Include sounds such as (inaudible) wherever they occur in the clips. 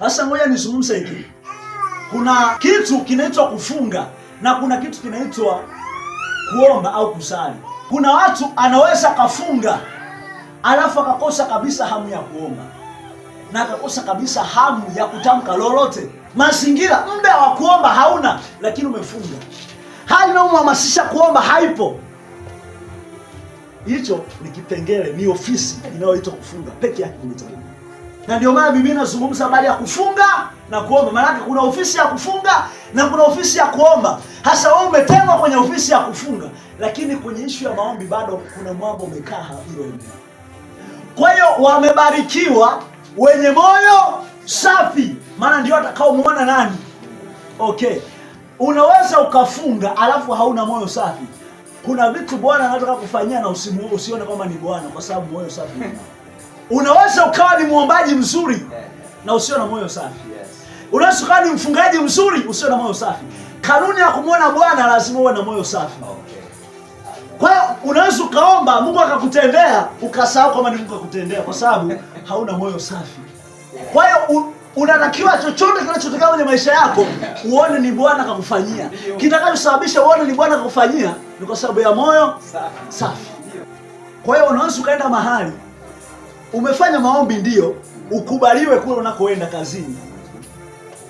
Sasa ngoja nizungumze hiki, kuna kitu kinaitwa kufunga na kuna kitu kinaitwa kuomba au kusali. Kuna watu anaweza kafunga alafu akakosa kabisa hamu ya kuomba na akakosa kabisa hamu ya kutamka lolote. Mazingira, muda wa kuomba hauna, lakini umefunga, hali inayomhamasisha kuomba haipo. Hicho ni kipengele, ni ofisi inayoitwa kufunga peke yake na ndio maana Biblia inazungumza habari ya kufunga na kuomba. Maanake kuna ofisi ya kufunga na kuna ofisi ya kuomba. Hasa wewe umetengwa kwenye ofisi ya kufunga, lakini kwenye ishu ya maombi bado kuna mambo umekaa hilo. Kwa hiyo wamebarikiwa wenye moyo safi, maana ndio atakaomwona nani? Okay, unaweza ukafunga alafu hauna moyo safi. Kuna vitu Bwana anataka kufanyia na usimuone, usione kama ni Bwana kwa sababu moyo safi Unaweza ukawa ni mwombaji mzuri na usio na moyo safi. Unaweza ukawa ni mfungaji mzuri usio na moyo safi. Kanuni ya kumwona Bwana lazima uwe na moyo safi. Kwa hiyo unaweza ukaomba Mungu akakutendea ukasahau kwamba ni Mungu akutendea kwa sababu (laughs) hauna moyo safi. Kwa hiyo unatakiwa chochote kinachotokea kwenye maisha yako uone ni Bwana akakufanyia. Kitakachosababisha uone ni Bwana akakufanyia ni kwa sababu ya moyo safi. Kwa hiyo unaweza ukaenda mahali Umefanya maombi ndio ukubaliwe kule unakoenda kazini,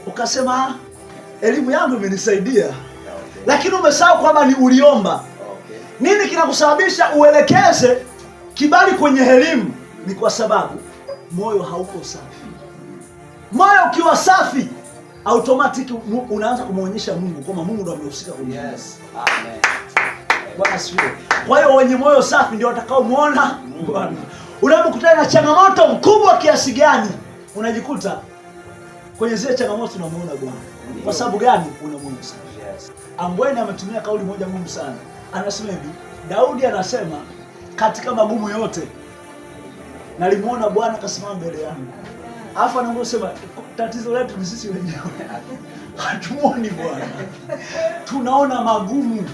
ukasema elimu yangu imenisaidia Lakini umesahau kwamba ni uliomba Nini kinakusababisha uelekeze kibali kwenye elimu? Ni kwa sababu moyo hauko safi. Moyo ukiwa safi automatic unaanza kumwonyesha Mungu kwamba Mungu ndo amehusika kwenye yes. Amen. Bwana asifiwe. Kwa hiyo wenye moyo safi ndio watakaomwona Bwana unapokutana na changamoto mkubwa kiasi gani, unajikuta kwenye zile changamoto unamuona Bwana. Kwa sababu gani? Unamuona sana. ambweni ametumia kauli moja ngumu sana, anasema hivi, Daudi anasema katika magumu yote nalimuona Bwana akasimama mbele yangu. Alafu anaosema tatizo letu ni sisi wenyewe, (laughs) hatumuoni Bwana, tunaona magumu.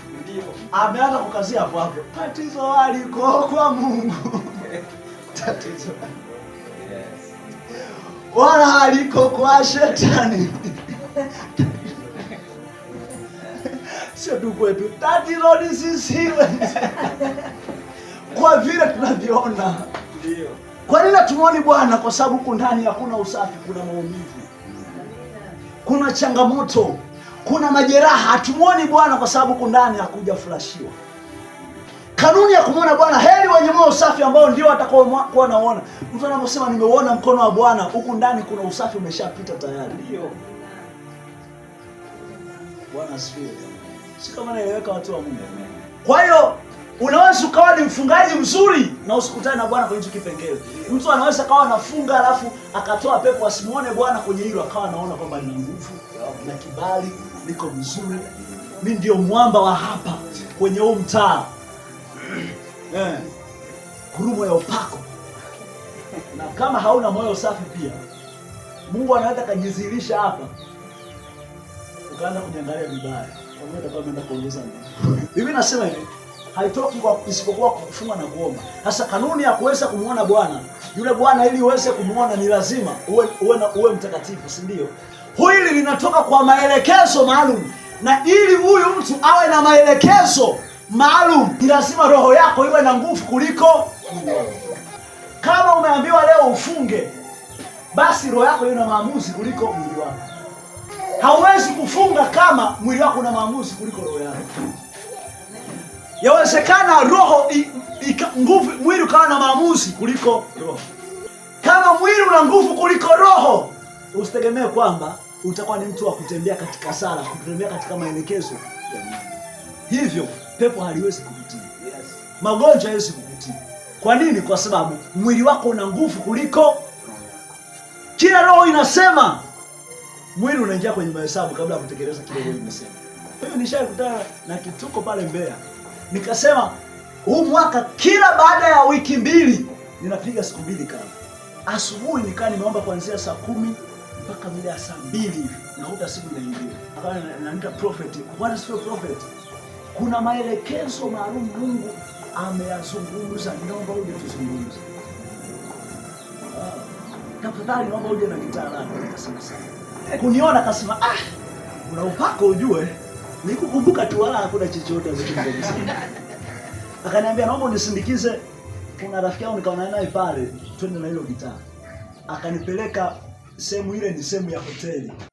Ameanza kukazia hapo hapo, tatizo aliko kwa Mungu. (laughs) tatizo wala haliko kwa shetani sio wetu, tatizo ni sisi kwa vile tunavyoona. Kwa nini tumoni Bwana? Kwa sababu huku ndani hakuna usafi, kuna maumivu, kuna changamoto, kuna majeraha. Hatumuoni Bwana kwa sababu huku ndani furashiwa kanuni ya kumwona Bwana, heri wenye moyo safi ambao ndio watakaokuwa naona. Mtu anaposema nimeuona mkono wa Bwana, huku ndani kuna usafi umeshapita tayari. Ndio Bwana asifiwe, si kama naeleweka, watu wa Mungu. Kwa hiyo unaweza ukawa ni mfungaji mzuri na usikutane na Bwana kwenye hicho kipengele. Mtu anaweza akawa anafunga alafu akatoa pepo, asimuone Bwana kwenye hilo, akawa anaona kwamba nina nguvu na kibali, niko mzuri, mi ndio mwamba wa hapa kwenye huu mtaa eh, ya upako, na kama hauna moyo safi pia Mungu anaweza kujizilisha hapa ukaanza kujiangalia vibaya, utakuwa kuongeza nguvu. Bibi nasema hivi haitoki kwa isipokuwa kufunga na kuomba. Sasa kanuni ya kuweza kumwona Bwana yule Bwana, ili uweze kumwona ni lazima uwe, uwe, uwe mtakatifu, si ndio? Hili linatoka kwa maelekezo maalum, na ili huyu mtu awe na maelekezo maalum. Ni lazima roho yako iwe na nguvu kuliko. Kama umeambiwa leo ufunge, basi roho yako ina maamuzi kuliko mwili wako. Hauwezi kufunga kama mwili wako una maamuzi kuliko roho yako. Yawezekana roho nguvu, mwili ukawa na maamuzi kuliko roho. Kama mwili una nguvu kuliko roho, usitegemee kwamba utakuwa ni mtu wa kutembea katika sala, kutembea katika maelekezo ya Mungu. Hivyo pepo haliwezi kukutii. Yes. Magonjwa haiwezi kukutii. Kwa nini? Kwa sababu mwili wako una nguvu kuliko kila roho inasema. Mwili unaingia kwenye mahesabu kabla ya kutekeleza kile roho imesema. Mimi nishakutana na kituko pale Mbeya, nikasema huu mwaka kila baada ya wiki mbili ninapiga siku mbili kama asubuhi nikaa nimeomba kuanzia saa kumi mpaka mida ya saa mbili nakuta siku inaingia, akaniita prophet, bwana sio prophet kuna maelekezo maalum Mungu ameyazungumza. Naomba uje tuzungumze ah, tafadhali, naomba uje na gitaa lako. Nikasema sana kuniona, akasema ah, una upako ujue, nikukumbuka tu, wala hakuna chochote zikizungumza. (laughs) Akaniambia naomba unisindikize, kuna rafiki yangu nikaona naye pale, twende na hilo gitaa. Akanipeleka sehemu ile, ni sehemu ya hoteli.